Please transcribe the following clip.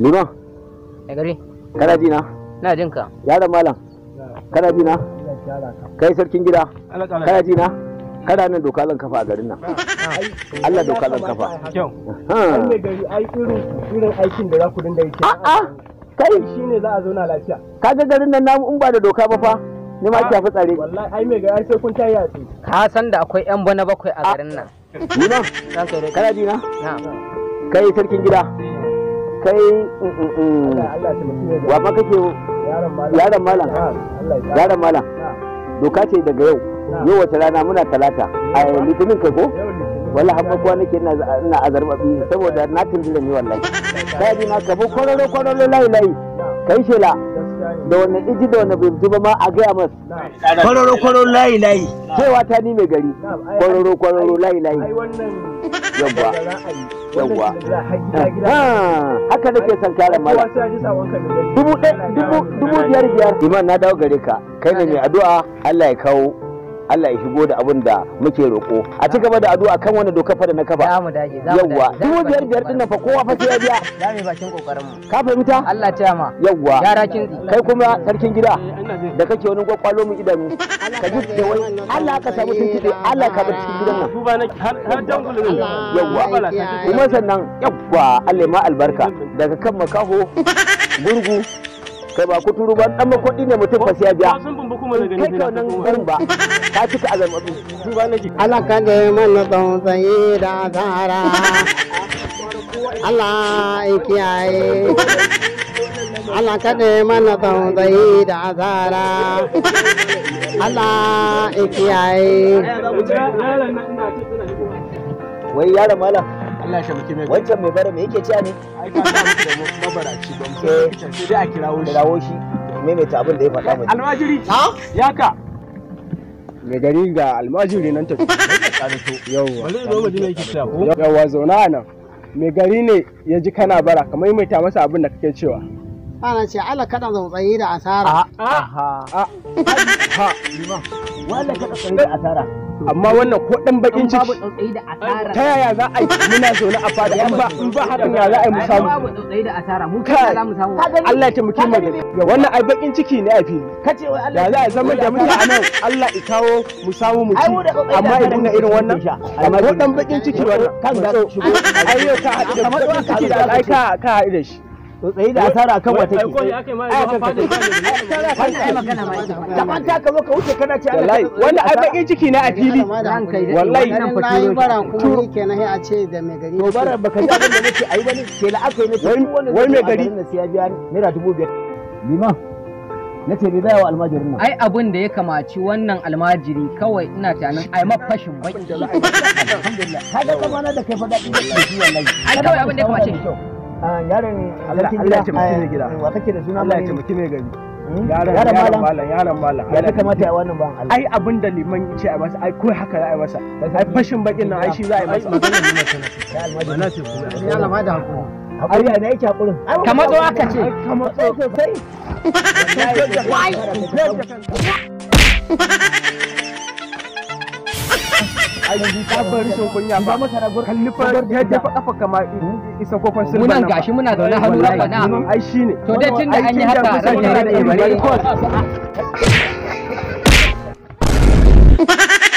Liman. Ai gari. Kana ji na? Ina jin ka. Yaro malam. Kana ji na? Kai sarkin gida. Kana ji na? Kana nan doka zan kafa a garin nan. Allah doka zan kafa. Kyau. Ai gari ai irin irin aikin da za ku dinga yi. A'a. Kai shine za a zauna lafiya. Kaga garin nan namu in ba da doka ba fa. Ni ma ki hafi tsare. Wallahi ai me ga ai sai kun tayi yatsu. Ka san da akwai yan bana bakwai a garin nan. Liman. Kana ji na? Na'am. Kai sarkin gida. kai wa maka kake yaran malam yaran malam doka ce daga yau yau wata rana muna talata a litinin kai ko wala hamma kuwa nake ina azarba bi saboda na tundura ne wallahi kaji na ka bu kwararo kwararo layi layi kai shela da wani iji da wani bai ba ma a gaya mas kwararo kwararo layi layi cewa ta ni mai gari kwararo kwararo layi layi yabba yawwa haka nake son kalan mala dubu biyar biyar iman na dawo gare ka kai ne mai addu'a Allah ya kawo Allah ya shigo da abin da muke roƙo a ci gaba da addu'a kan wani doka fa da na kafa zamu dage zamu dage yawa dubu biyar biyar din nan fa kowa fa sai ya biya zamu bakin kokarin mu ka fahimta Allah ta yama yawa yara kin kai kuma sarkin gida da kake wani gwakwalo mu idanu ka ji da wai Allah ka samu tuntube Allah ka bar cikin gidan nan duba na har nan. yawa kuma sannan yawa Allah ma albarka daga kan makaho gurgu kai ba turu ba dan makodi ne mutum fa sai ya biya ba kai ka cika azam ba nake ka na tsawon da zara Allah kiyaye ka na tsawon da zara Allah mai wancan mai yake ne ai ka da mabaraci don eh. sai a kirawo shi maimaita abin da ya faɗa almajiri ha mai gari ga almajiri nan zauna a nan mai gari ne ya ji kana bara ka maimaita masa abin da kake cewa ana ce ala kaɗa zautsayi da asara ah, ah. a a ha da asara amma wannan ko dan bakin ciki ta yaya za a yi muna zaune a fadi in ba in ba hakan ya za a yi mu samu babu tsautsayi da asara mu kai za mu samu Allah ya taimake mu ga wannan ai bakin ciki ne a fili kace wai Allah ya za a zama da muke a nan Allah ya kawo mu samu mu ci amma idan ga irin wannan ko dan bakin ciki wannan kan da ai yau ka hadu da bakin ka ka hadu da shi tsayi da asara akan wata ke daban ta ka zo ka wuce kana ce Allah wannan ai bakin ciki na a fili wallahi nan fa turo bara kuma kenan sai a ce da mai gari to bara baka ji abin da nake ai bane ke la'akai ne wai mai gari na siya biya naira dubu biyar lima na ce bai zayawa almajirin nan ai abin da ya kamaci wannan almajiri kawai ina tunanin ai ma fashin baki alhamdulillah kaga kamar da kai fa da ɗin da shi wallahi ai kawai abin da ya kamace Ah, yaron mai gida eh, wa kake da suna Allah ya taimaki mai gari hmm? yaron malam yaron malam ya kamata ya wannan ban Allah ai abin da liman yace a masa ai kai haka za a masa ai fashin bakin nan ai shi za a yi masa magana ne ce ya lama da hakuri hakuri ne yake hakurin kamar tsawo aka ce kamar tsawo sosai sabar rashin kunya ba kalli fa ya jefa kafa kama isa kofar silba munan gashi muna zaune hannu na ai shine to dai tunda an yi haka rage rage bare